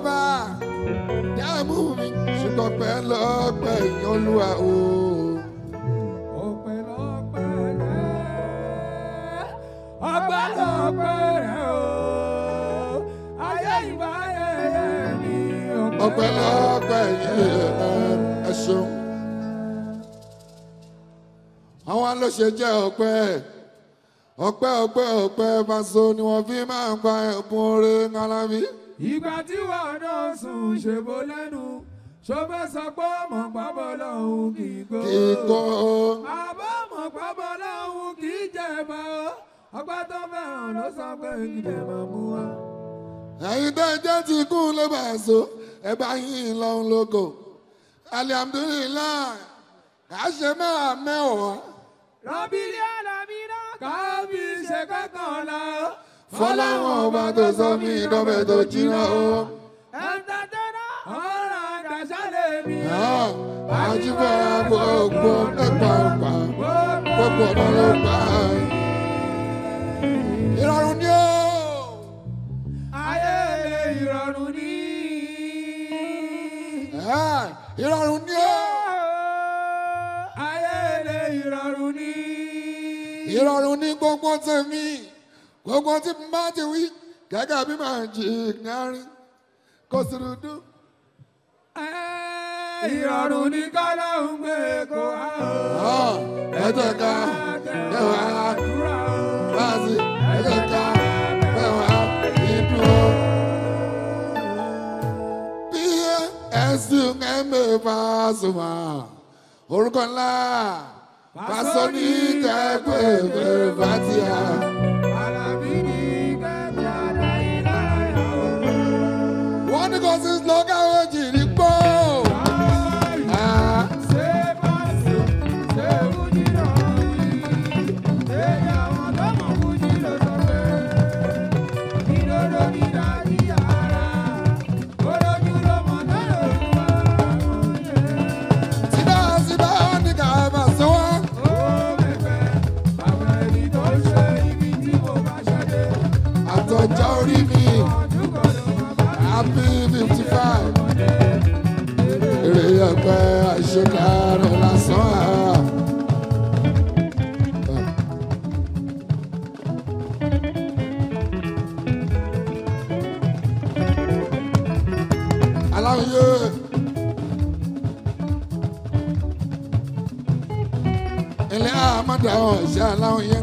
bá dààmú mi ṣùgbọ́n pẹ́ lọ́pẹ́ ìyanlúwa o. ọpẹ́lọpẹ́ rẹ ọpẹ́lọpẹ́ rẹ o ayé ìgbà ayẹyẹ mi. ọpẹ́lọpẹ́ yẹ ẹ ṣeun àwọn ló ṣe jẹ́ ọpẹ́ ọpẹ́ ọpẹ́ ọpẹ́ Paso ni wọ́n fi máa ń pa ẹ̀bùn oore ńláńlá bíi ìgbà tí wọn náà sùn ṣèbó lẹ́nu ṣọfẹ́ sọ pé mọ̀ pábọ̀ lọ́hùn kì í gbó. kì í gbó. lọ́hùn kì í jẹ̀bà ọgbà tó fẹ́ràn ló sọ pé ìdè máa mú wa. ẹ̀yin tó ń jẹ́ ti kú ló bá so ẹ bá yín lọ́hùn lóko alihamdulilayi kà á ṣe mẹ́wàá mẹ́wàá. rọ́bìlì àlàmínà kàá fi ṣe kọ́kànlá fọláwọn ọba tó sọ mí dọ́bẹ̀ tó jìnnà o. ẹ̀ńtàtẹ́nà ọ̀rọ̀ àdàṣálẹ̀ mi. àjùbọ̀ gbogbo nípàpà gbogbo ọ̀dọ́ ló gbà. ìrọ̀rùn ni ó. ayé ìrọ̀rùn ni. ìrọ̀rùn ni ó. Ah, ayé ìrọ̀rùn ni. ìrọ̀rùn ni gbogbo tèmi gbogbo tí mo bá ti wí gẹ́gẹ́ bí màá jì ìgbárin kò sì rúdú. ìrọ̀rùn ní kọ́lá ń gbé kó a. ẹ jẹ́ ká kẹwàá àdúrà báàsì ká kẹwàá ìdúró. bí ẹ̀sùn ẹ̀mẹ́ Pasuma orúkọ ńlá Pasuma ní ìjà ẹgbẹ́ ìfẹ́ fatia. Francis Noga hoje ọpẹ́ àṣekáàrọ lásán. aláwòye. ilé àmàdà ọ̀ṣẹ́ aláwòye.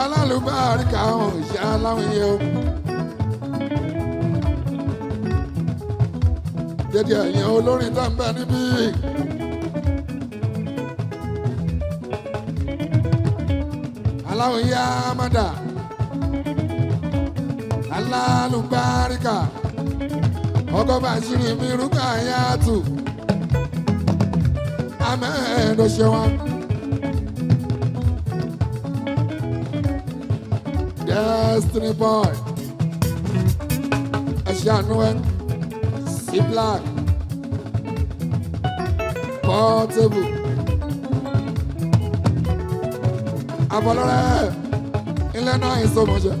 alálùbáríkà ọ̀ṣẹ́ aláwòye. dédé ẹ̀yìn olórin tá n bẹ níbí. aláwọ̀ yá mọ́dà alálùbáríkà ọgọ́fà ìṣirí mi rúkà amẹ́ẹ̀ẹ́dọ̀ ṣe wọn. Destiny boy, ẹ ṣe àánú ẹ sí black portable abọ́lọ́rẹ́ ilé náà ìsọmọṣẹ́.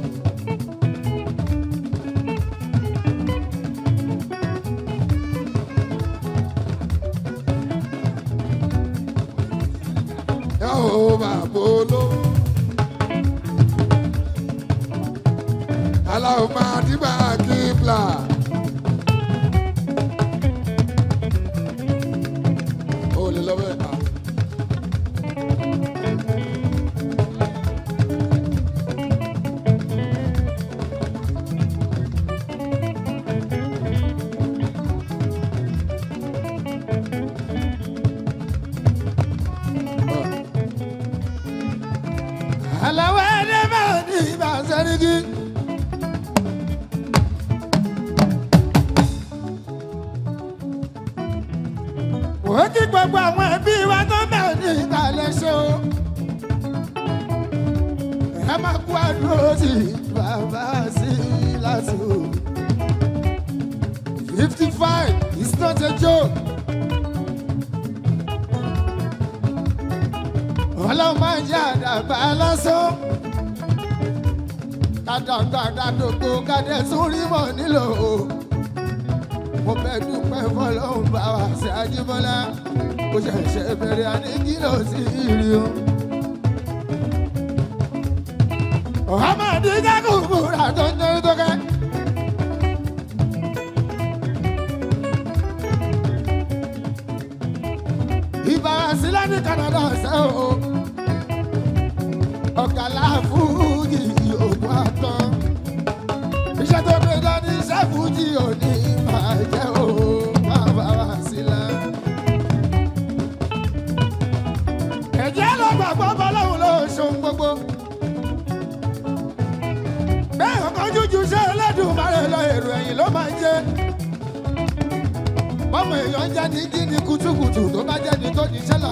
ọmọ èèyàn jẹ́ ní gíní kùtùkùtù tó bá jẹ́ ní tó ní sẹ́là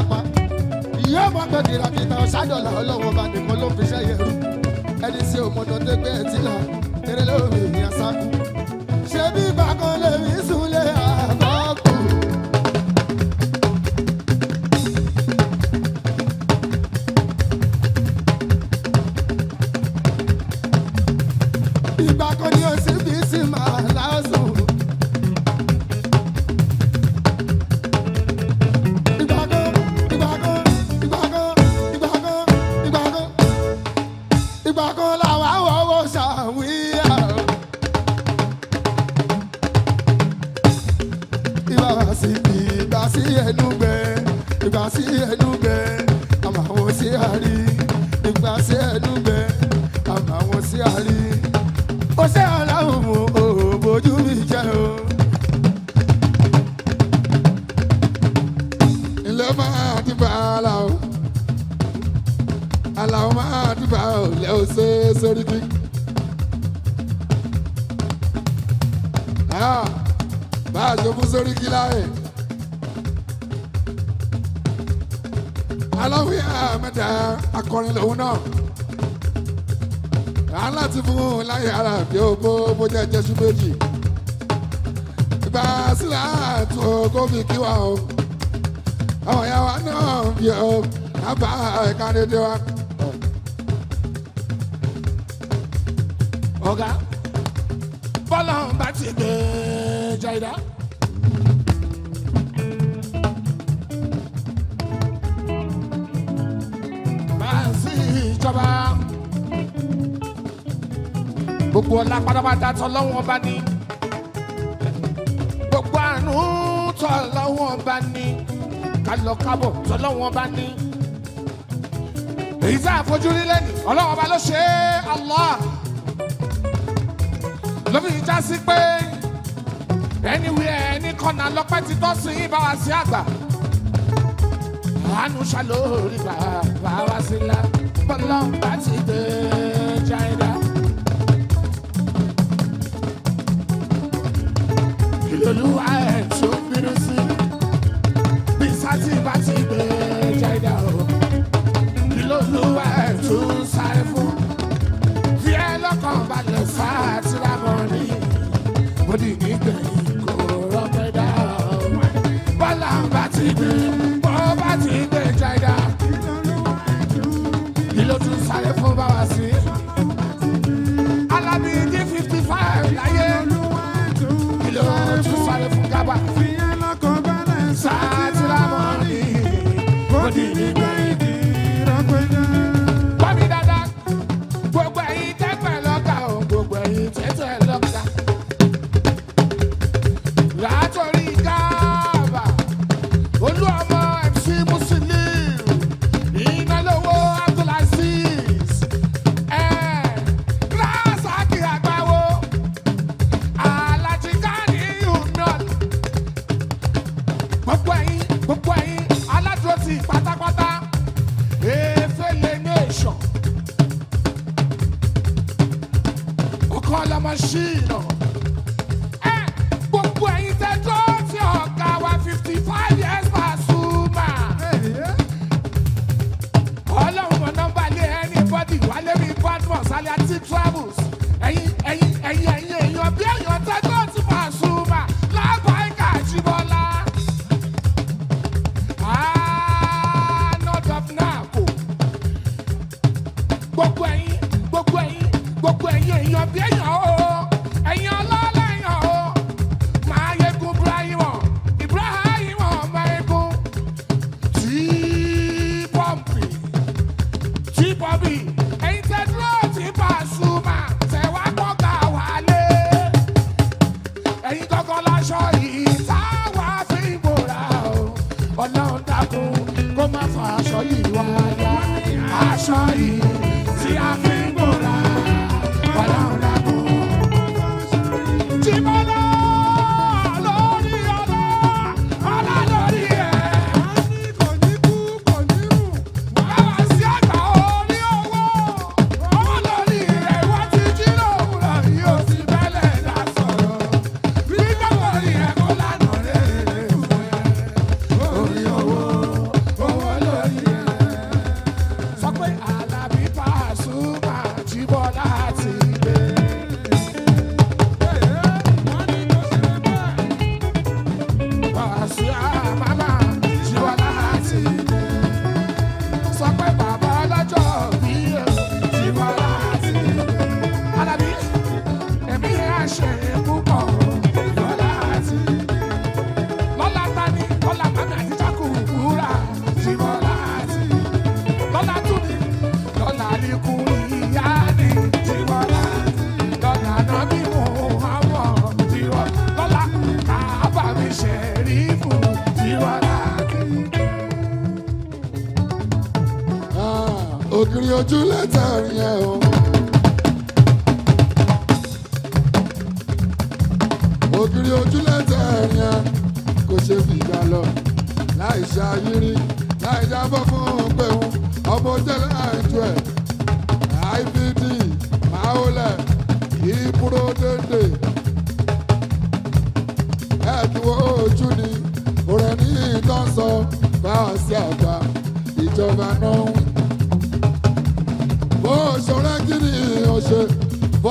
ìyá ọmọ pé kìràkìtà ọ̀sádọ̀là ọlọ́wọ́n bá nìkan ló fi ṣẹ́yẹ rú ẹni tí o gbé ẹtí lọ eré lórí ìyẹn sáku ṣé bí bàkan lè rí sùn Bàbá ẹ̀ka dédé wa. Ọ̀gá bọ́lá ń bá ti gbé Jaida. Báàsì ìjọba gbogbo ọlá pátápátá tọ́lọ́wọ́n ọba ni gbogbo àánú tọ́lọ́wọ́n ọba ni kálọ̀kábọ̀ tọ́lọ́wọ́n ọba ni èyí tá a fojú rí lẹ́nu ọlọ́wọ́ ọba ló ṣe é Allah lómi ìjà sí pé anywhere any corner lọ́pẹ́ ti tọ́ sí yín bá wa sí àgbà àánú ṣàlórí bàbá wa sí la bọ́lá ti dé.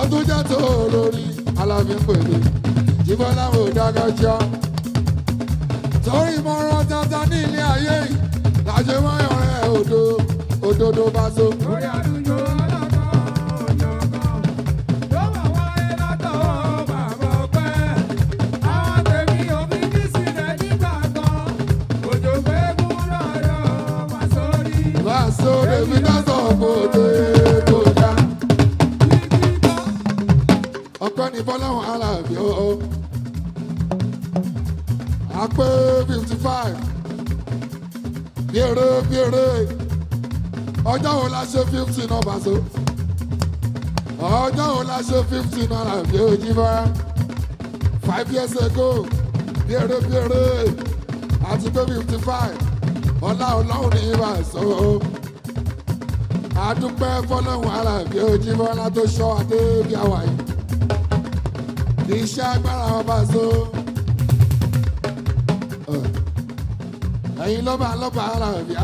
wọ́n tún jẹ́ tó lórí alábípẹ̀lẹ̀ jíbọ́lá ò dágájá. torí mọ́rán tata ní ilé ayé yìí lájẹ́ wáyọ̀ rẹ̀ odò òdodo bá so. lórí àdúgbò ọlọ́dọ̀ ọ̀jọ̀gbọ́n tó wà wáyé látọ̀ ní fọláwọn aláàbí ọ̀ọ́ oh, àpé oh. fifty five bí eré bí eré ọjọ́ wo la ṣe fifty náà bá so ọjọ́ wo la ṣe fifty náà là bí ojú bá five years ago bí eré bí eré àti pé fifty five ọlá ọlọ́run ní ibà so àdúpẹ́ fọlọ́run aláàbí ojú oh, bọ́lá tó ṣọ́ adé bí àwàyí kì í ṣe agbára ọba so. ẹ̀yin lọ́ba lọ́ba ara ọ̀bíà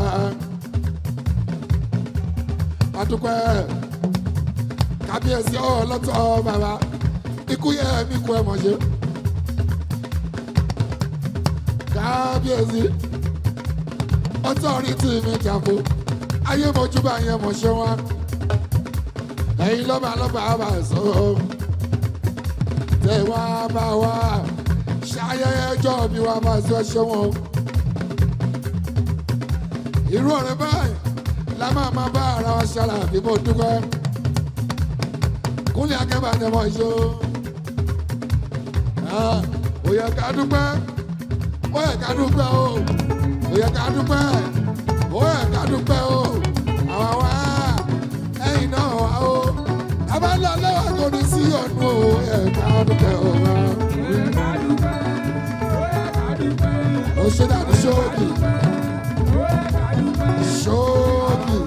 àdúpẹ́ kábíyèsí ọlọ́tọ̀ bàbá ikú yẹ mí kú ẹ mọ̀ ṣe. kábíyèsí ọtọ́ rí tì mí jàpó ayé mojú bá yẹ mọ̀ ṣe wọn ẹ̀yin lọ́ba lọ́ba ara sọ̀rọ̀ tẹ wá bá wá ṣayẹyẹ ọjọ́ bí wá máa ṣe ṣe wọn. irú ọ̀rẹ́ báyìí la máa máa bá ara wa ṣara bí mo dúpẹ́. kúnlẹ̀ akẹ́bà ni ọmọ ìṣó. Ah, ó yẹ ká dúpẹ́ ó ká dúpẹ́ o ó yẹ ká dúpẹ́ ó yẹ ká dúpẹ́ o àwa wá ẹ̀yin náà wá o bá lọ lọ́wọ́ tó ní sí ọ̀nù ẹ̀ka dúpẹ́ ọ̀rọ̀. Oṣù dàbí ṣóòkì. Ṣóòkì.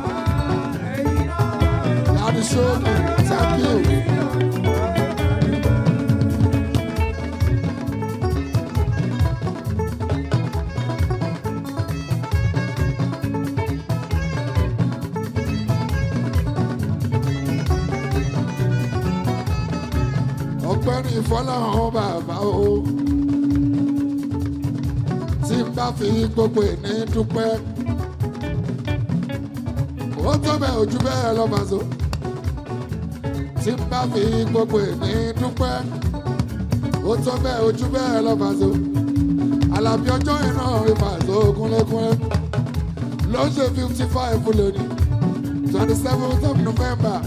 Dàbí ṣóòkì. Thank you. fi fọlọ́run bàbá o tí n bá fi gbogbo ìní dúpẹ́ ó tó bẹ́ẹ̀ ojú bẹ́ẹ̀ lọ́mọ́sọ tí n bá fi gbogbo ìní dúpẹ́ ó tó bẹ́ẹ̀ ojú bẹ́ẹ̀ lọ́mọ́sọ Àlàbí ọjọ́ iná ìfàṣọ kúnlẹ́kúnlẹ́ ló ṣe fifty five lónìí twenty seventh of November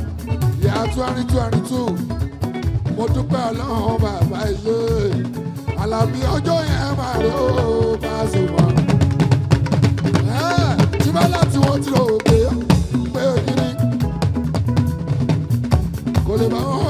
year 2022 mo dúpẹ́ ọlọ́run bàbá yé alábí ọjọ́ yẹn máa rí ó bá sì wà. tí bá láti wọ́n ti rò pé pé ògiri kò lè bá wọn.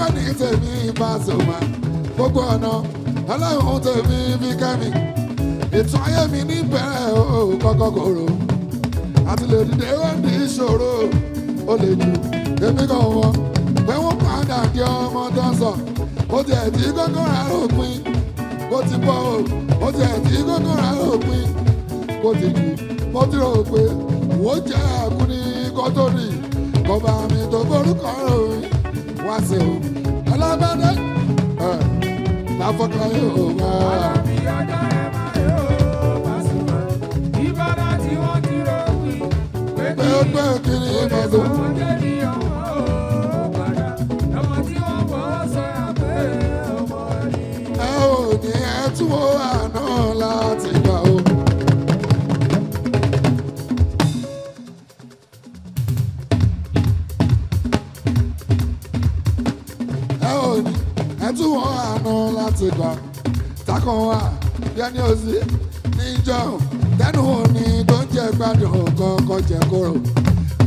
ọpẹ́ ní tèmi Pasuma gbogbo ọ̀nà ọlọ́run tèmi fi kẹ́mi ètò ayé mi níbẹ̀rẹ̀ o kọ́kọ́ kòrò àti lè dìde ó ní ìṣòro ó lè jù èmi kàn wọ́n pé wọ́n padà di ọmọ tó sọ ó ti ẹ̀dí kọ́kọ́ rà lópin ó ti bọ́ o ó ti ẹ̀dí kọ́kọ́ rà lópin ó ti jù mo ti rò pé wọ́n jẹ́ àkúni kọ́tọ́rì kọ́ba mi tó borúkọ ròyìn wá sí o ọlọ́gbọ́dé láfọ́kọ́ yóò wá. alábí ọjọ́ ẹ máa yóò wá sí ìbára tí wọ́n ti rọ̀ wí pé kí ni ìbọn tó. ẹtú wọn àánú láti gbà takàn wá yẹni òsì níjọ tẹnu òní tó ń jẹ gbádùn kọkọ jẹ kóró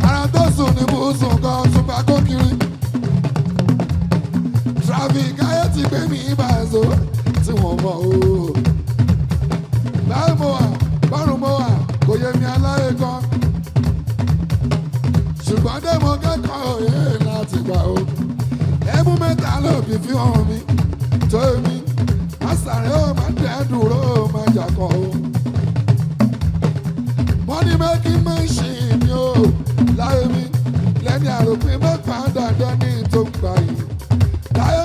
ara tó sùn ní mú sùn kọ súnpá kó kiri traffic ayé ti gbé mi ibà ẹ̀sọ́ tí wọ́n mọ̀ ooo báyìí mo wà bọ́rùn mo wà kò yẹ mi aláyé kan ṣùgbọ́n dé mo kẹ́kọ̀ọ́ òye láti gbà ooo ẹkún mẹ́ta lòbí fi hàn mi tó mi àṣàrẹ ó máa dẹ́ dúró máa jàkọ́ o. bọ́dí mẹ́kí máa ń ṣì mí láyé mi lẹ́ni àròpin mẹ́ta dandan ní tó yìí. láyé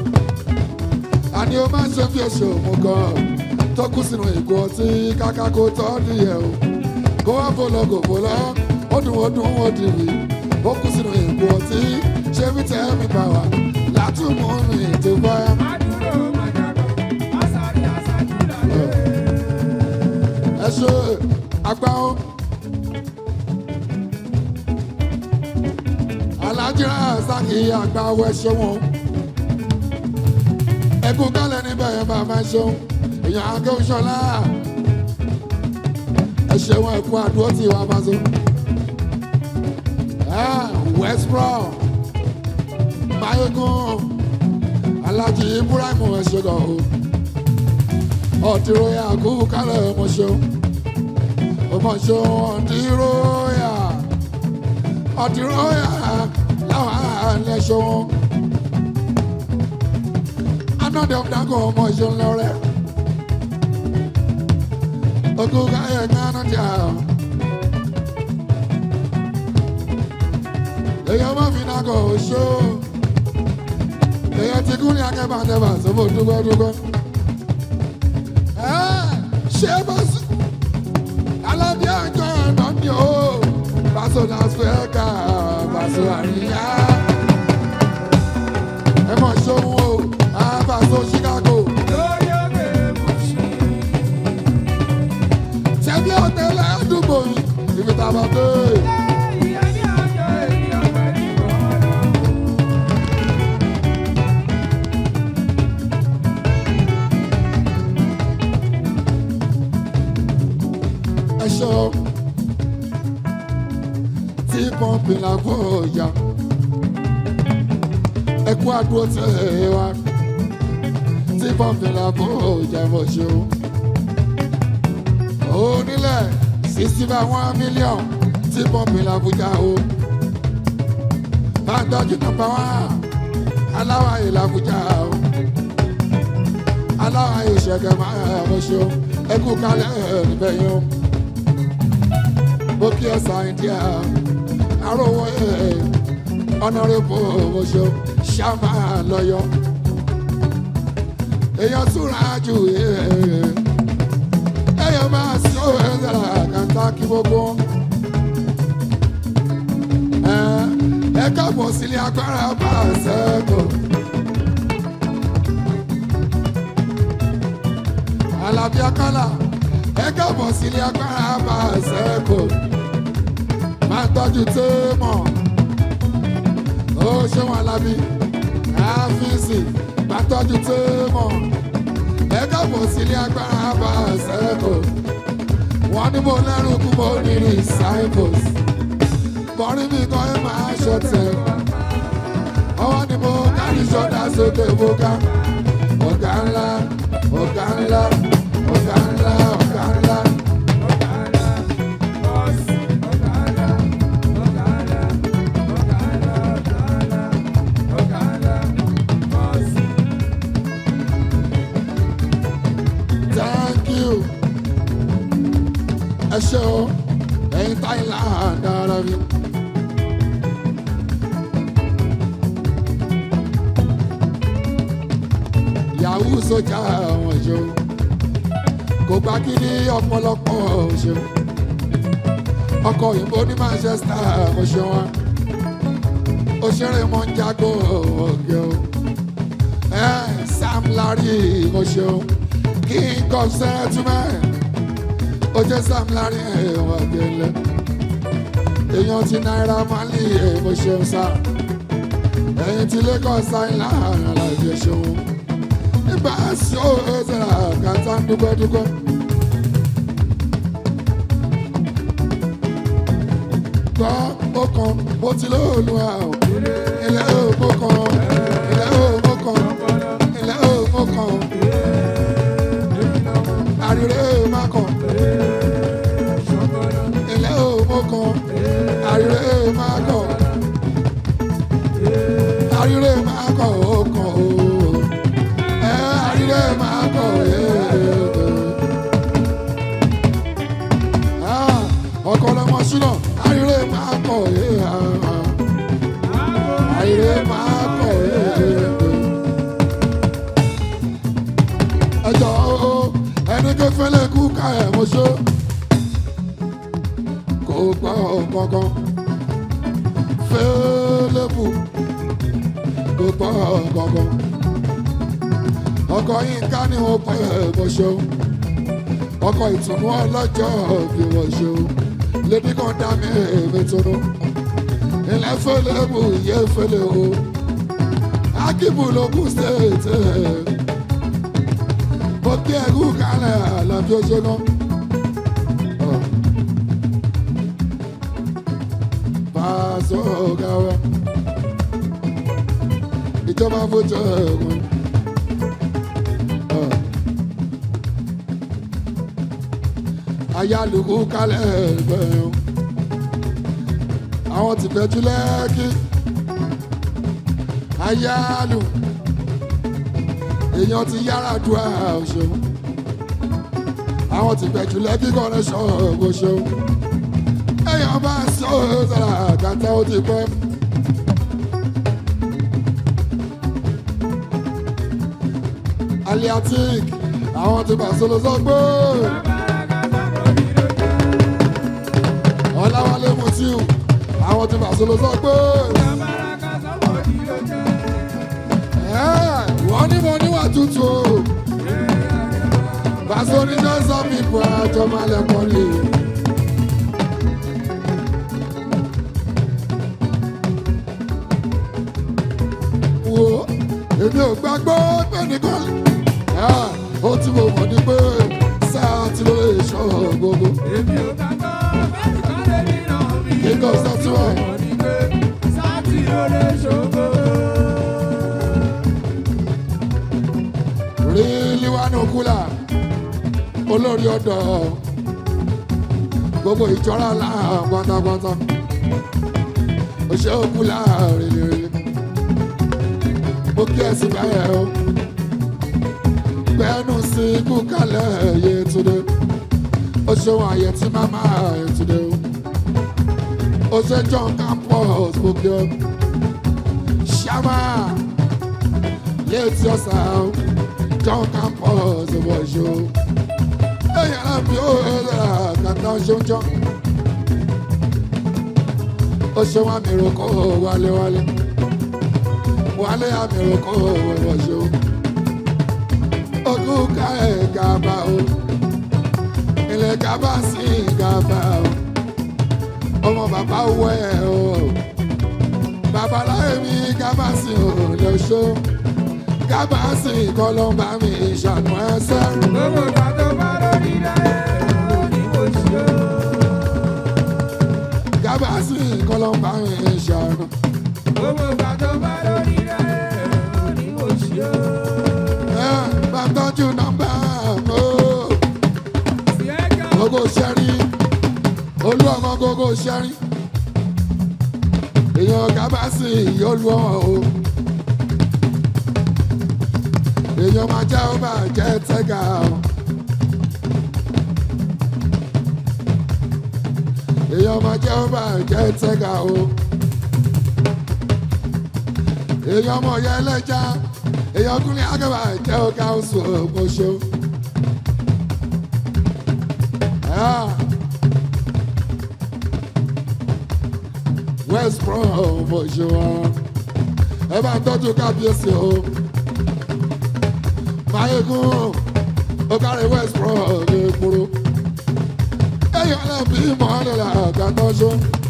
ni ó máa ń ṣe fi oṣù mú kan tó kú sínú ìgò ọtí káká kó tọ́ nìyẹn o kó wá fọlọ kò fọlọ ó dùn ó dùn ó dìrì ó kú sínú ìgò ọtí ṣé fi tẹ́ mi bá wa látùmù rìn tó bá. ẹ ṣe àgbà ó. alájírà sáà kì í àgbà wẹ̀ ṣe wọn ẹkú kálẹ̀ níbẹ̀ yẹn bàbá ṣeun èèyàn akéwìṣọlá ẹ ṣeun ẹkú àdúró tí wàá bá ṣe. west brom mayegun alhaji ibrahim ẹṣẹgọ ọtírọyà kú kálẹ̀ ọmọ ṣeun ọmọ ṣeun ọtírọyà ọtírọyà láwọn àlẹ ṣeun ọlọ́dẹ ọ̀dàgọ̀ ọmọ ìṣòro rẹ̀. Ogun káyọ̀ nyánú jà. Èyí ọmọ mi nàgọ̀ oṣó. Èyí ti kú ní akẹ́bà àtẹ̀bà sọ́bọ̀ dúgbọ́dúgbọ́. Ṣé bá sùn? Alábí àjọ ẹ̀nà ni ó. Bàṣọ náà sọ ẹ̀ka, bàṣọ àríyá. pọ́ǹpì làgọ́ ọ̀yà ẹkú àdúró tí ẹ wá tí pọ́ǹpì làgọ́ ọ̀yà mọ̀ ṣeun onílẹ̀ sixty by one million tí pọ́ǹpì làbújá o bàtọ́jú nọ́mbà wán aláwáyé làbújá o aláwáyé ṣẹ̀gẹ̀ máa ń ṣe o ẹkú kalẹ̀ níbẹ̀ yẹn o bókí ọ̀sán india arówó ẹ̀ ọ̀nàrẹ́bù ọ̀ṣọ́ ṣàmà lọ́yọ́ èèyàn súnra jù ẹ̀ ẹ̀yọ́ máa sọ ẹ̀ dára ta kí gbogbo wọn. ẹ káàbọ̀ sílé agbára Pàṣẹkọ̀. Àlàbí Akálà ẹ káàbọ̀ sílé agbára Pàṣẹkọ̀. máa tọ́jú tó mọ̀ ó ṣé wọn Àlàbí áfíìsì máa tọ́jú tó mọ̀ ẹ káàbọ̀ sílé agbára Pàṣẹkọ̀ wọ́n ní mo lẹ́rù kú mo ní disciples bọ́rí mi kọ́ ẹ máa ṣọ̀tẹ̀ ọwọ́ ni mo kárí ṣọ́dá sókè mo ká ọ̀gá ńlá ọ̀gá ńlá. ṣe in ẹ̀yin Thailand ara mi. yahoo sójà àwọn ṣe o kò gbá kí ní ọ̀pọ̀lọpọ̀ ṣe o ọkọ̀ òyìnbó ní Manchester kò ṣe wọn òṣèré mọ̀ ń Sam Larry kò ṣe King of Settlement jẹ́ Sam Larry ẹ̀ wà gẹ́lẹ́ èèyàn ti Naira Marley ẹ̀ mo ṣeun sá ẹ̀yìn ti Lagos Island alájẹ ṣeun nígbà tí ó ṣe ra kàtà ń dúpẹ́dúpẹ́. gbọ́ ó kan mo ti lóòlù àwọn ilé òkú kan. àríré máa kọ̀ àríré máa kọ̀ ó kàn ó ẹ àríré máa kọ̀ ẹ. Ah, ọkọ lọmọ súnà àríré máa kọ̀ ẹ. àríré máa kọ̀ ẹ. ló pọ̀ gangan. ọkọ̀ Yínká ni mo pẹ́ mo ṣeun. ọkọ̀ ìtùnú ọlọ́jọ́ bí mo ṣeun. lébi kan dá mi èmi tunu. ilẹ̀ fẹ́lẹ́ mú iye fẹ́lẹ́ o. akíbu ló kù sèétẹ́. mo gbé ẹrú kalẹ̀ àlàbí ó ṣe náà. Paso gawa foto wọn. Ah. ayálùkù kálẹ̀ ẹgbẹ̀rún àwọn ti pẹ̀tù lẹ́kì ayálù èèyàn ti yára du àṣọ àwọn ti pẹ̀tù lẹ́kì kọ́rẹ́ṣọ̀ ọ̀gbọ̀ṣọ̀ èèyàn bá sọ̀rọ̀ sọ̀rọ̀ àgàtà ó ti pẹ́. Aliatic àwọn ti Pàṣẹlú Sọgbó. Ọláwálé Mutiu àwọn ti Pàṣẹlú Sọgbó. Wọ́n ní mo níwà tútù o. Pàṣẹ oníjọ́ sọ mi bọ̀ àjọ máa lẹ̀ pọ̀ lè. Wo èmi ò gbàgbọ́ pé ní ó tí mo mọ̀ ní pé sáà tí ló lè ṣọ́ gbogbo. èmi ò gbàgbọ́ bẹ́ẹ̀ ni wọ́n lè nínú mi. kíkọ́ sátúwọ̀. ó tí mo mọ̀ ní pé sáà tí ló lè ṣọ́ gbogbo. rí liwanu kula olórí ọ̀dọ́ gbogbo ìjọra là pátápátá òṣèlú kula rèlérè mo kí ẹ sí báyẹn o gbẹ́nu sí ikú kalẹ̀ Yétúndé ó ṣeun àyè tí màmá Yétúndé ó ṣe John Campus gbogbo ṣáwá Yétí Ọ̀sà John Campus wọ̀ṣọ èèyàn náà fi ó ẹ̀rọ kàtà ṣoúnjọ ó àmì ìrókò wálé wálé wálé àmì ìrókò wọ̀ṣọ ọkú ká ẹ̀ kaba o ilẹ̀ kaba sí kaba o ọmọ bàbá wọ ẹ̀ o babaláwo mi kaba sí o lè ṣó kaba sí kọlọ́mbà mi ìṣànú ẹsẹ̀. lọ́wọ́ dàdó bá lórí rẹ̀ oníwò sí o. kaba sí kọlọ́mbà mi ìṣànú. lọ́wọ́ dàdó bá. gogo sẹ́rin olú ọmọ gogo sẹ́rin èèyàn kábàásì ìyọlú ọ̀hún o èèyàn máa jẹ́ ó máa jẹ́ tẹ́gà o èèyàn máa jẹ́ ó máa jẹ́ tẹ́gà o èèyàn mọ̀ yẹ ẹlẹ́jà èèyàn kúnlẹ̀ àgàbà jẹ́ ó ká oṣù ògbóṣó. west brom for oh, sure. you ẹ bá tọ́jú my ego, I got kárí oh, west brom oh, Hey, ní kúrú èèyàn lè I got nílẹ̀ àgàtọ́jú.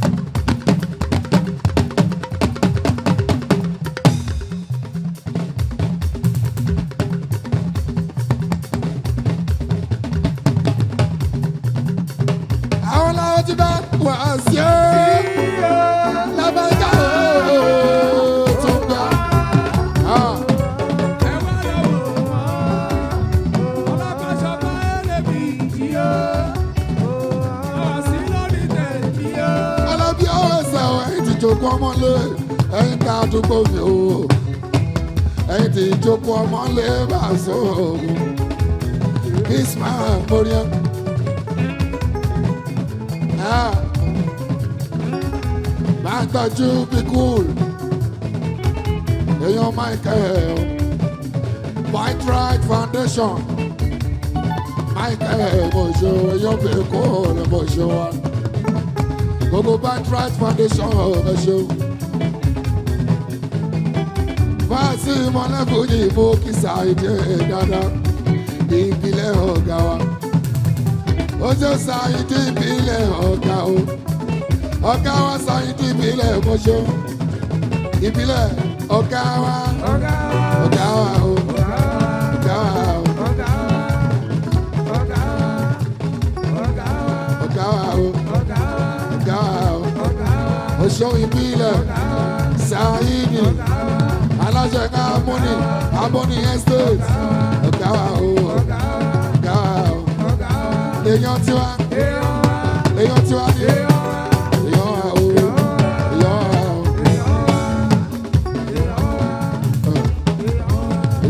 àdúgbò mi o ẹ̀yin tí ìjókòó ọmọ lè bá so Ismail Moriah. máa tọ́jú bí cool èèyàn Michael White Right Foundation Michael Mosho èèyàn bí cool Mosho wa gbogbo White Right Foundation Mosho. sí mọ́lẹ́kùn ní mo kí Saheed dáadáa ìpínlẹ̀ ọ̀gá wa ó ṣe Saheed ìpínlẹ̀ ọ̀gá o ọ̀gá wa Saheed ìpínlẹ̀ mọ́ṣọ́ ìpínlẹ̀ ọ̀gá wa ọ̀gá wa o ọ̀gá wa o. Oṣó ìbílẹ̀ Saheed. Project Harmony, Harmony Estate. Ọ̀gá wa o, oga wa o. Èèyàn tiwa, èèyàn tiwa ni. Èèyàn wa o, èèyàn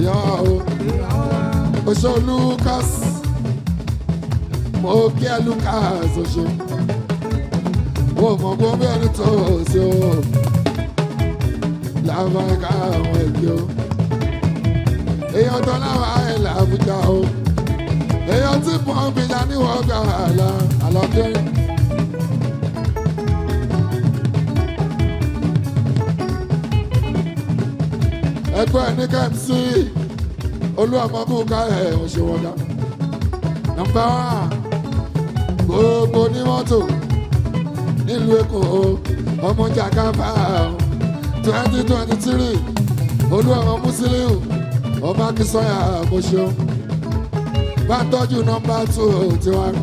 wa o. Oṣó Lucas, mo kí ẹ Lucas oṣó. Mo mọ̀ gbọ́ bí ẹni tó o ṣe o làwọn ẹ̀ka àwọn ẹ̀jẹ̀ o. èèyàn tán láwọn ẹ̀ làbújá o. èèyàn tí mò ń gbìyà níwọ̀n gbà àlọ́ àlọ́ kéré. ẹgbẹ́ ní kmc olúwàmọ́múká ẹ̀ òṣèwọ́dá nọmba wán gbogbo onímọ́tò nílùú èkó ọmọ jàkàfà ọ̀hún twenty twenty three olú ọmọ Musiliu ọba Akínsọ́yà mo ṣeun bá tọ́jú nọ́mbà two tiwọn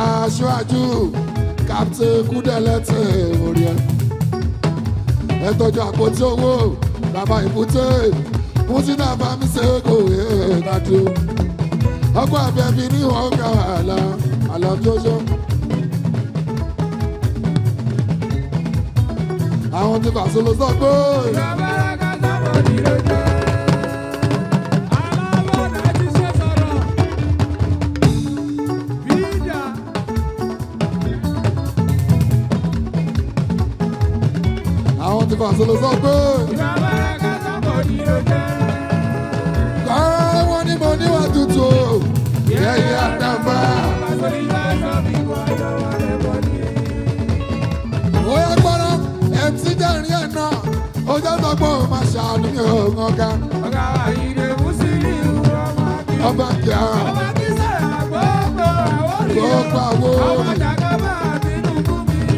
aṣáájú captain kúdẹ̀lẹ́tì orí ẹ ẹ tọ́jú àpótí owó bàbá ìbúté mútínà bámisẹ kò yé dájú ọkọ àbẹ̀bí ní ọgá àlà àlà tó ṣeun. àwọn ti Pasolo sọ pé. babalaka sọmọ ìrẹ jẹ. Pasolo sọ pé. ọjọ́ tọgbọ́n máa ṣàánú mi ò ọ̀gá. ọ̀gá ìdè mùsùlùmí ọmọ kí. ọba kí a. ọba kí sọ̀rọ̀ gbogbo àwọn olùyẹ̀wò. gbogbo àwọn olùyẹ̀wò. ọmọ jàgbọ́n àti mi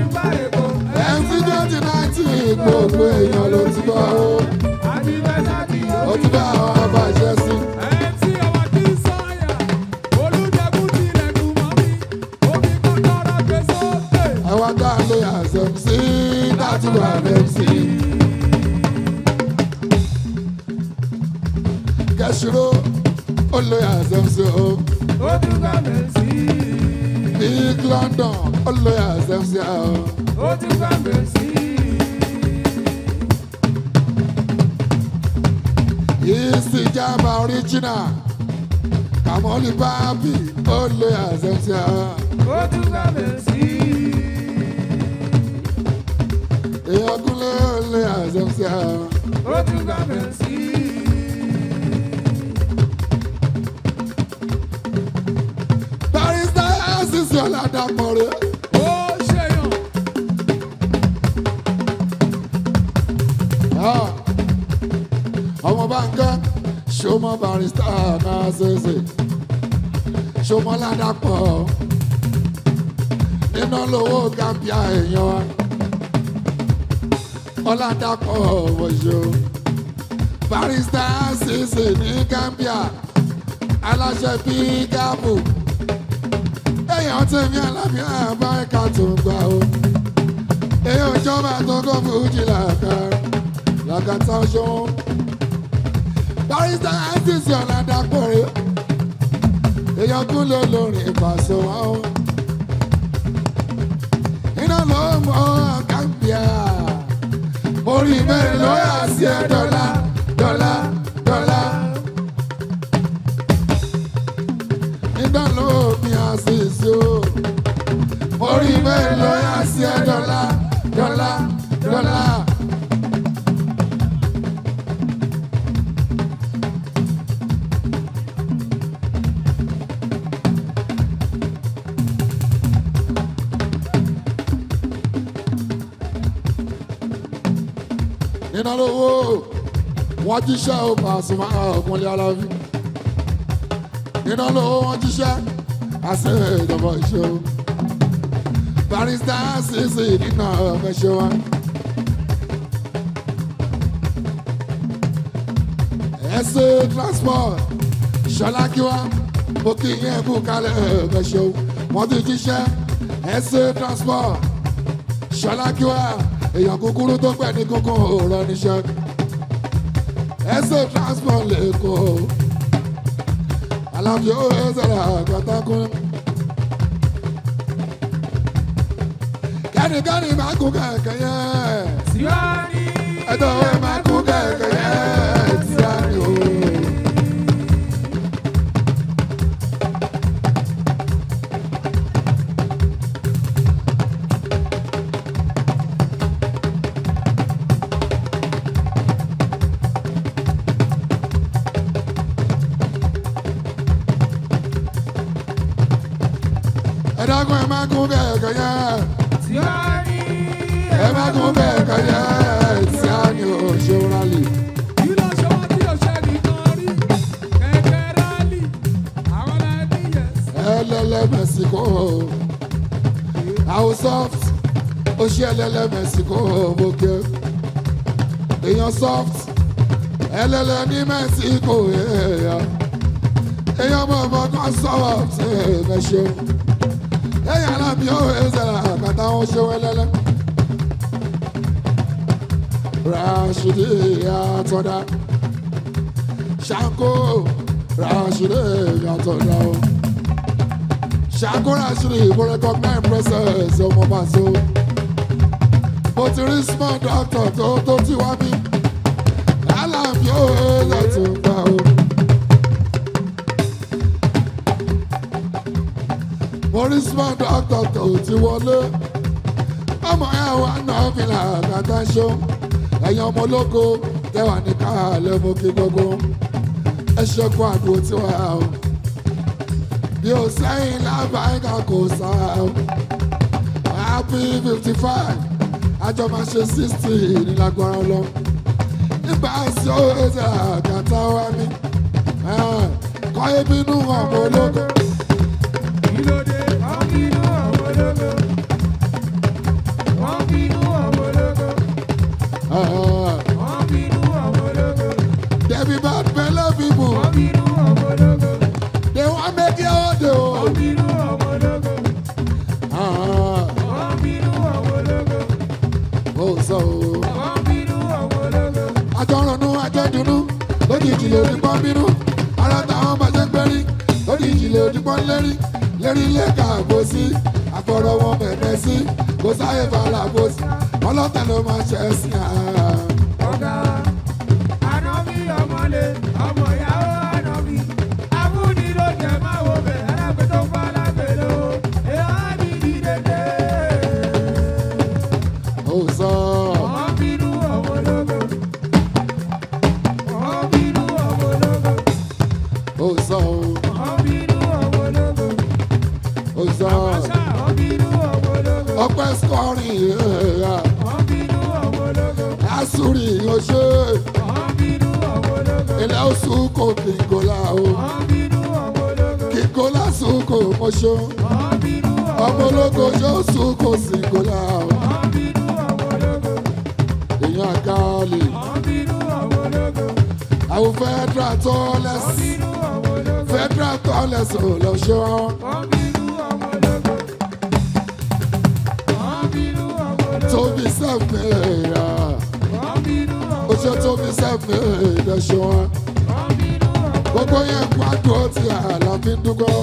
ń bá èkó. ẹ̀ńtí twenty nineteen gbogbo èèyàn ló ti bọ́. àti bẹ́ẹ̀ sáà shiro olo ya zemso o duga mesi big london olo ya zemso o duga mesi isi jaba original kamoli papi olo ya zemso o duga mesi eyagunle olo ya zemso o duga mesi. Bísọ́lá Dàmọ̀rẹ́. ó ṣèyàn. ọmọ Bánkà ṣọmọ barista náà ṣèṣe ṣọmọ ládàpọ̀ nínú lówó gàmbíà èèyàn wa ọládàpọ̀ wọ̀ṣọ́ barista ṣèṣe ní gàmbíà aláṣẹ bíi gáàbù èèyàn tèmi alábí àbáríkà tó ń gbà ó èyí ò jọba tó kó fújì làkà làkàtà ọṣọ́n barista àtìsí ọ̀nà dàpọ̀rẹ́ èèyàn kún ló lórin ìpàṣẹ wọn ó iná ló mọ ọkàn bíà orí mẹ́rin ló yà sí ẹ dọ́là dọ́là. sí o. orí bẹ́ẹ̀ lọ yá sí ẹ dọ́là dọ́là dọ́là. iná lówó wọ́n jíṣẹ́ o Pasuma ọ̀kúnlé alábí iná lówó wọ́n jíṣẹ́. I said the boy show. Oh. Barista Sisi did not have a show. Ẹsẹ̀ transport Ṣọlákíwá mo kí yẹn kú kalẹ̀ ẹ̀ẹ́dẹ̀ ṣeun. Wọ́n ti jíṣẹ́ ẹsẹ̀ transport Ṣọlákíwá èèyàn kúkúrú tó pẹ̀ ní kókó ọ̀rọ̀ níṣẹ́. ẹsẹ̀ transport lẹ́kọ̀ọ́. I love you, Ezra, eh, Katakun. Gani gani máa kú kẹ̀kẹ́ yẹn. Síwájú. Ẹ̀dọ̀ ẹlẹ́lẹ́ ní mẹ́síkò ẹ̀yà èèyàn mọ̀ mọ́ kán sọ̀rọ̀ sí ẹ̀mẹ́ ṣeun èèyàn lábí ó ẹ̀sẹ̀lẹ̀ àkàtà ó ṣeun ẹlẹ́lẹ́ Rashidi Yatọ̀dá Ṣàǹkó Rashidi Yatọ̀dá o Ṣàǹkó Rashidi mo recognize presence ọmọ bàtó mo ti rí small doctor tó tó ti wá Borisman doctor tó ti wọlé ọmọ ẹ wa náà fìlà kàtà ṣó ẹ̀yin ọmọ ológo tẹwà ní káàlẹ́ mú kí gbogbo ẹ ṣẹ́gun àgbo tí wà á o bí o sẹ́yìn lábàáyíká kò sá o happy fifty five àjọ máa ṣe sixty nílágbára gbàsóòzà àgàtàwá mi kọ́ ibinú ọmọ ológo. kí ló dé wọ́n ọmọ ológo. wọ́n bínú kiri lẹ́ka àgbòsí àfọ̀rọ̀ wọn bẹ̀rẹ̀ sí kò sáyé fara àgbòsí ọlọ́tẹ̀ ló máa ṣẹ̀ sí àárá. Ah. ṣó ọmọ ológo ṣó sùn kò sí kóyà o èèyàn àga ọ̀lẹ àwọn fẹ́ẹ́dra tó lẹ́sìn fẹ́ẹ́dra tó lẹ́sìn ò lọ ṣó. Tóbi sẹ́fẹ̀ẹ́ yá, ó ṣe tóbi sẹ́fẹ̀ẹ́ lẹ́ṣọ́ wa gbogbo yẹn kó ti àlàfin dúkọ́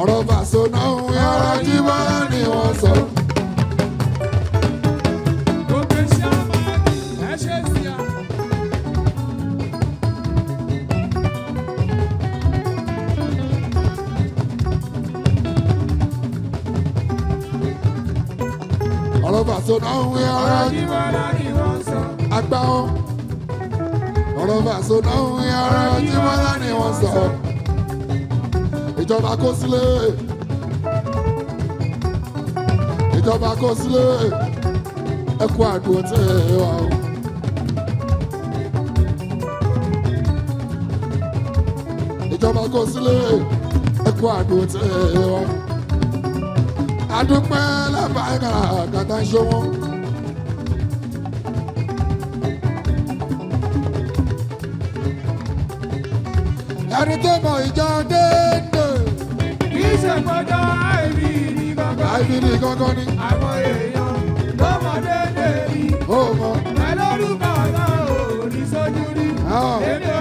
ọ̀rọ̀ Pasuma òun ọ̀rọ̀ Jíbọ́ ni wọ́n sọ. ọ̀rọ̀ Pasuma òun ọ̀rọ̀ Jíbọ́ ni wọ́n sọ. agbáwo ọ̀rọ̀ Pasuma òun ọ̀rọ̀ Jíbọ́ ni wọ́n sọ ìjọba kó sílé ìjọba kó sílé ẹ kú àdúró tẹ ẹ wà o. ìjọba kó sílé ẹ kú àdúró tẹ ẹ wà adúpẹ́ lábàá ẹ̀ka ń ṣe wọ́n. ẹni tó mọ ìjọ dé ṣe gbọ́dọ̀ àìrí ní gbọ́ngàn. àìrí ní gbọ́ngàn ni. àwọn èèyàn ló mọ déédéé rí. ó mọ. pẹ̀lú orúkọ náà ò ní sójú rí. èmi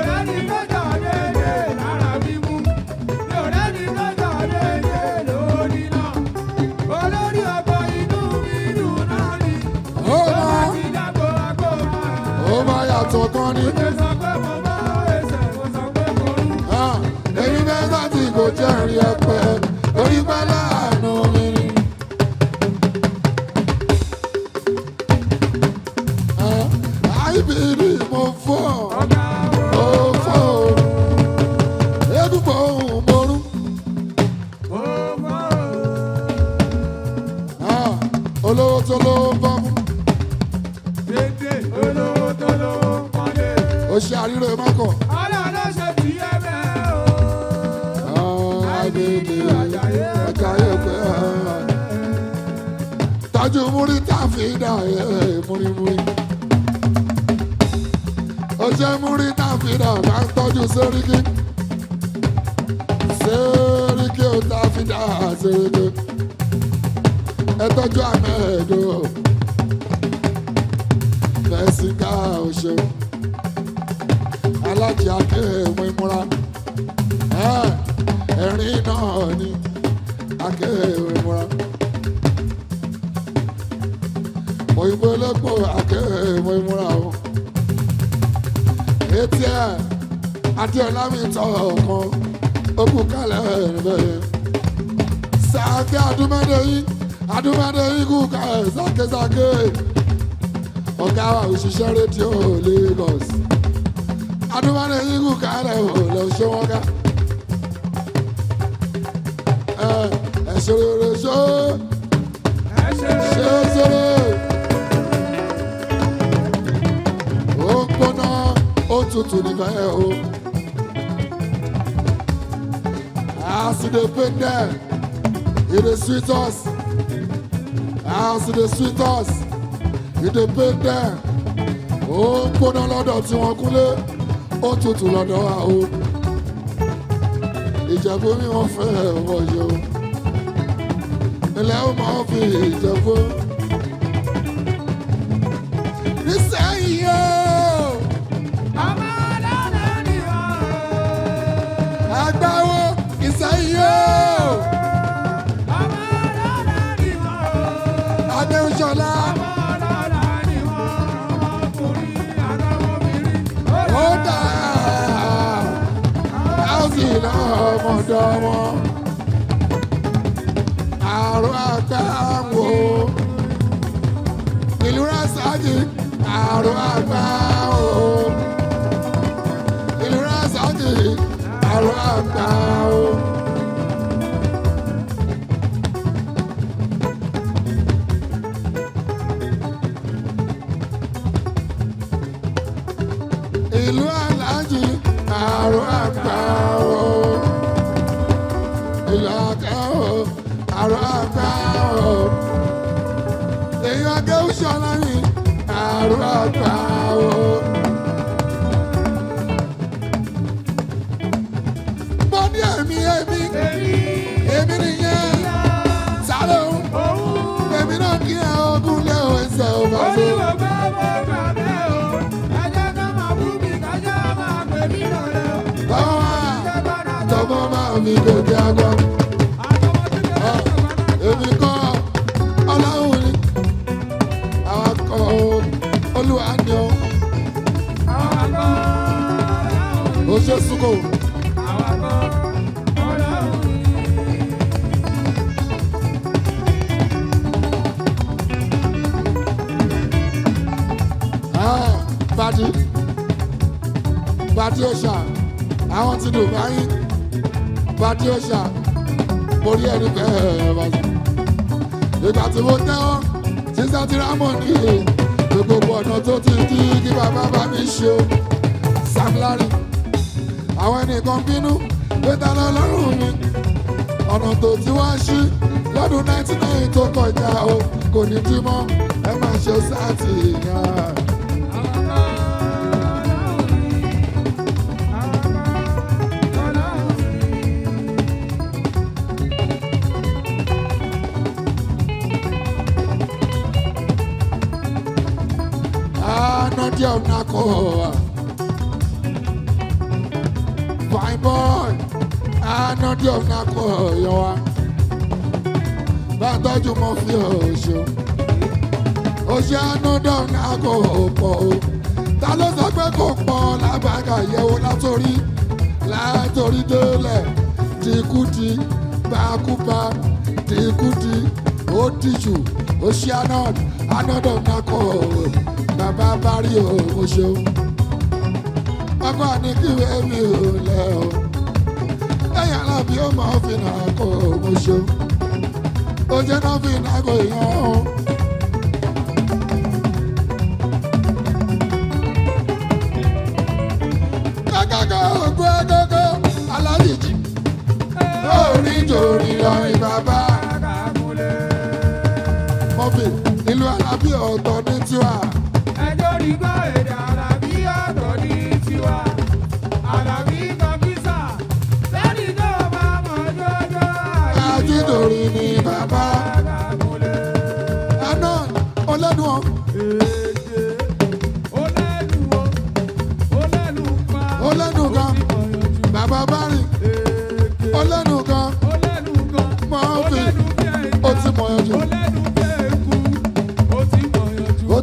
gbé adúmọ́déyìn adúmọ́déyìn zake zake. ọ̀gá wa òṣìṣẹ́ rédíò Lagos adúmọ́déyìn kú kálẹ̀ òòlẹ̀ ṣọwọ́ká ẹ̀ṣẹ̀ rere ṣó ṣé ṣeré ó ń gbóná ó tutù nífẹ̀ẹ́ o. As the pain there. It is sweet us. House it is sweet us. It is pain there. Ó oh, ń gbóná lọ́dọ̀ tí wọ́n kúnlé. Ó tutù lọ́dọ̀ wa o. Ìjẹ̀bú ni wọ́n fẹ́ wọ̀nyí o. Ilé ó máa ń fi ìjẹ̀bú. ọmọdé àrùn àtàwọn ìlú rasaji àrùn àgbà ìlú àrùn ìlú àrùn gbà o. mo ní èmi èmi èmi nìyẹn sáré o èmi náà kí ẹ ogún lé o ẹsẹ̀ o bá tó. Tọmọ máa mi kò jẹ́ lóko. Bàdí Osha, I want to do báyìí Bàdí ọ̀ṣà borí ẹni bẹ́ẹ̀ bá sùn. Ìgbà tí mo tẹ́wọ́ tí sátí rámọ̀ ní You go tó ti dí kí bàbá bá a ṣe o. Sam Larry àwọn ẹnìkan bínú pé ta mi ọ̀nà tó ti wá sí lọ́dún 1990 tó kọjá o kò ní dí mọ́ ẹ máa ṣe sáàtì yàn. Nadia Nakoa. boy I anọdí ọ̀nà kò yọ wa bá tọ́jú mọ́ fi oṣù oṣù anọdí ọ̀nà kò pọ̀ o ta ló sọ pé kò pọ̀ lágbàgà yẹ̀wò látòrí látòrí délẹ̀ tìkútì bákúbá tìkútì ó tìjú oṣù anọdí ọ̀nà kò bàbá bá rí o oṣù agbá ní kíwé mi ò lẹ o lẹ́yìn alábí ó máa fi nà kó mo ṣe náà fi nà kó yan o. kákàkọ́ ògbó gógó alábìjì lórí torí ọ̀rìn bàbá. mọ́fì ìlú alábí ọ̀tọ̀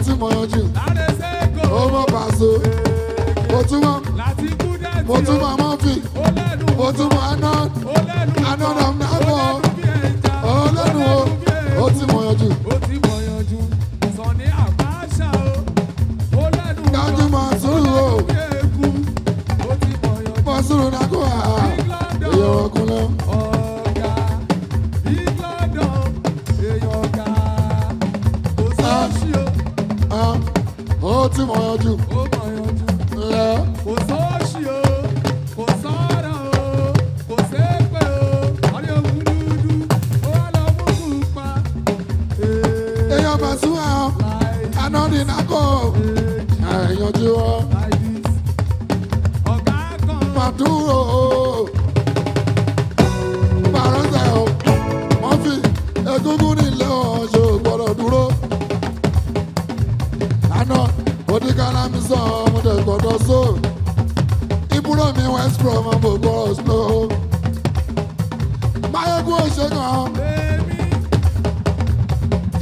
tí mo yanjú ó mọ̀ pàṣẹ mo túmọ̀ mo túmọ̀ mọ́fì mo túmọ̀ aná aná náà náà bọ̀ ọlọ́run o ó tí mo yanjú. dájú máa sùúrù o mọ̀ sùúrù Bıraktım ağacım From my boy, boy, My ego so now.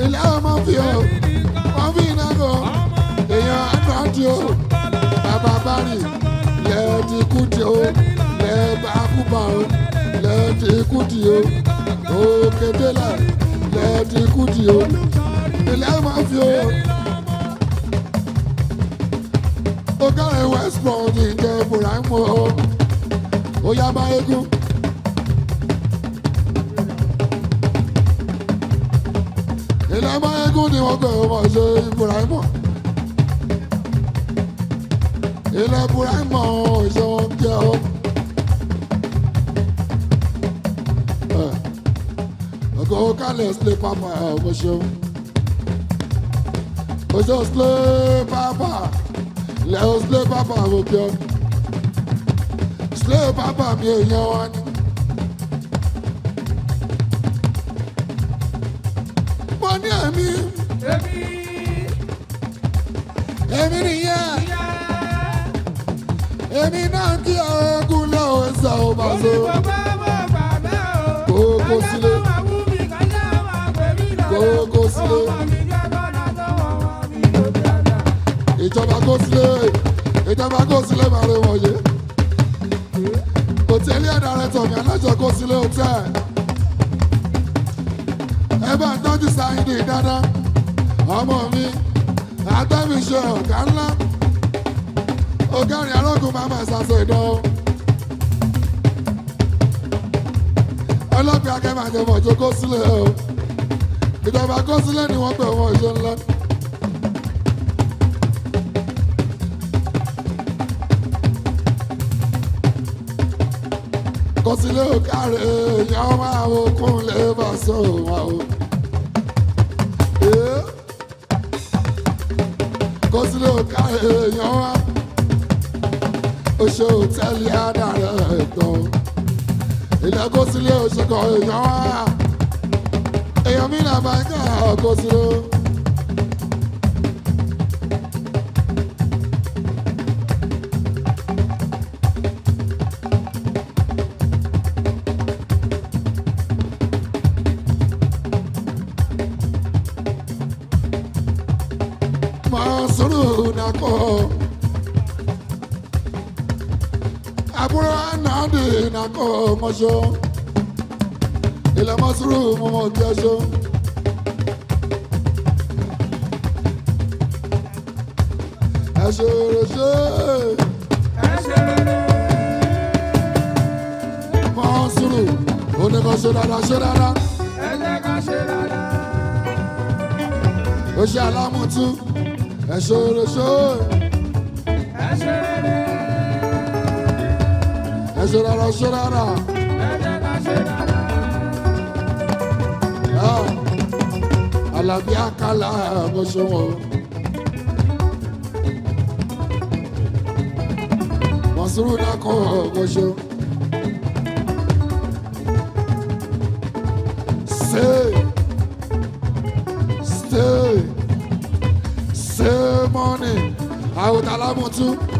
Ilé ọmọ fi o, wọ́n fi iná go, èèyàn àtúntì o, bàbá bárì, lẹ̀ ti kú ti o, lẹ̀ bá kú bá o, lẹ̀ ti kú ti o, òkè délà, lẹ̀ ti kú ti o, ilé ọmọ fi o. Ogare West Brom ni ìjẹ́ ó yá máa eégún. ni wọ́n pè wọ́n ṣe Buraimoh. ilé Buraimoh ṣe wọ́n jẹ́ eh, ọ́. go kalẹ̀ sílé pápá ọmọ ṣeun. ojú sílé pápá lẹ́hìn sílé pápá ọmọ bíọ́. Sùlé bàbá mi èèyàn wa ni. Mo ní ẹ̀mí. Èmi. Èmi nìyẹn. Èmi náà kí ọ̀gùn lọ́wọ́ sọ ọ́ bá so. Olùkọ́ bá bàbá náà o. Kó o kó sílé. Kó o kó sílé. Ìjọba kó sílé. Ìjọba kó sílé màá lè wọ̀nyé tẹ̀lé ẹ̀dá rẹ̀ tọ̀gì alájọkọ̀ sílé hotel. ẹ bá ń tọ́jú sáyidì dáadáa ọmọ mi àtẹ́míṣe ọ̀gá ńlá ọ̀gárin arógun máa máa ṣàṣọ ìdánwò. ọlọ́pàá akẹ́mọ̀ àjẹmọ̀ ọjọ́ kó sílẹ̀ o ìjọba kó sílẹ̀ ni wọ́n pè wọ́n ìṣó ńlá. sí ló kárẹ̀ èèyàn máa wo kún lè bá sóhun wọn o. Eh? kó sí ló kárẹ̀ èèyàn wá oṣù tẹ́lẹ̀ àdàrà ẹ̀gbọ́n ilẹ̀ kó sí ló ṣe kọ èèyàn wá èèyàn mi nà bá ń kà kó sí ló. kó. àbúrò ànádì nà kó mọ́ṣọ́ ilẹ̀ mọ́sùrù mọ́mọ́ gẹ́ṣọ́. ẹ ṣòro ṣe. ẹ ṣòro. mọ́sùrù oníkan ṣe dáadáa ṣe dáadáa. ẹ jẹ́ ká ṣe ẹ ṣòro ṣòro ẹ ṣòro ẹ ṣòro ara ṣòro ara. Àlàbí àkàlà bó ṣe wọn. Mọ̀sùrù náà kọ́ bó ṣe wọn. 猪。